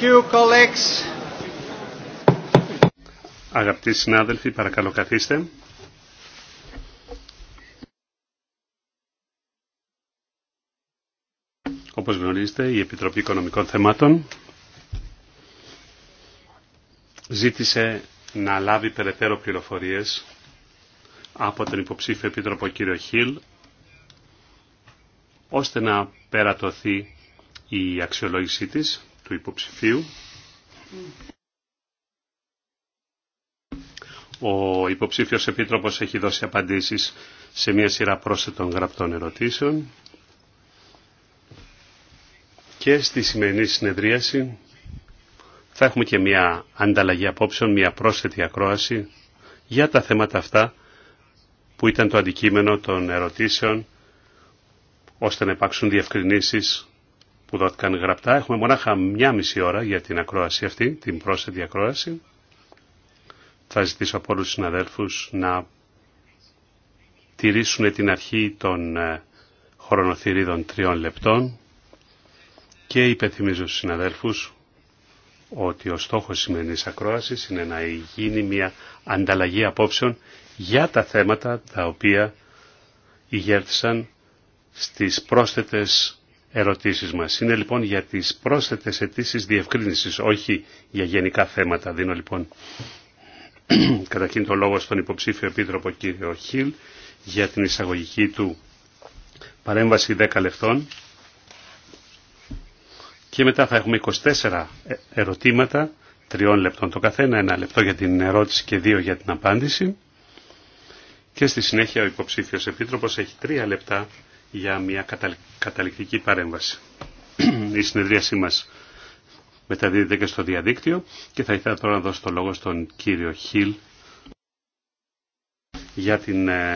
you, colleagues. Αγαπητοί συνάδελφοι, παρακαλώ καθίστε. Όπως γνωρίζετε, η Επιτροπή Οικονομικών Θεμάτων ζήτησε να λάβει περαιτέρω πληροφορίες από τον υποψήφιο Επίτροπο κύριο Χιλ ώστε να περατωθεί η αξιολόγησή της υποψηφίου. Ο υποψήφιος επίτροπος έχει δώσει απαντήσεις σε μια σειρά πρόσθετων γραπτών ερωτήσεων. Και στη σημερινή συνεδρίαση θα έχουμε και μια ανταλλαγή απόψεων, μια πρόσθετη ακρόαση για τα θέματα αυτά που ήταν το αντικείμενο των ερωτήσεων ώστε να υπάρξουν διευκρινήσεις που δόθηκαν γραπτά. Έχουμε μονάχα μια μισή ώρα για την ακρόαση αυτή, την πρόσθετη ακρόαση. Θα ζητήσω από όλους τους συναδέλφους να τηρήσουν την αρχή των ε, χρονοθυρίδων τριών λεπτών και υπενθυμίζω στους συναδέλφους ότι ο στόχος σημερινής ακρόασης είναι να γίνει μια ανταλλαγή απόψεων για τα θέματα τα οποία ηγέρθησαν στις πρόσθετες ερωτήσεις μας. Είναι λοιπόν για τις πρόσθετες αιτήσει διευκρίνησης, όχι για γενικά θέματα. Δίνω λοιπόν καταρχήν το λόγο στον υποψήφιο επίτροπο κύριο Χιλ για την εισαγωγική του παρέμβαση 10 λεπτών και μετά θα έχουμε 24 ε, ερωτήματα, 3 λεπτών το καθένα, ένα λεπτό για την ερώτηση και δύο για την απάντηση. Και στη συνέχεια ο υποψήφιος επίτροπος έχει 3 λεπτά για μια καταληκτική παρέμβαση. Η συνεδρίασή μας μεταδίδεται και στο διαδίκτυο και θα ήθελα τώρα να δώσω το λόγο στον κύριο Χιλ για την ε,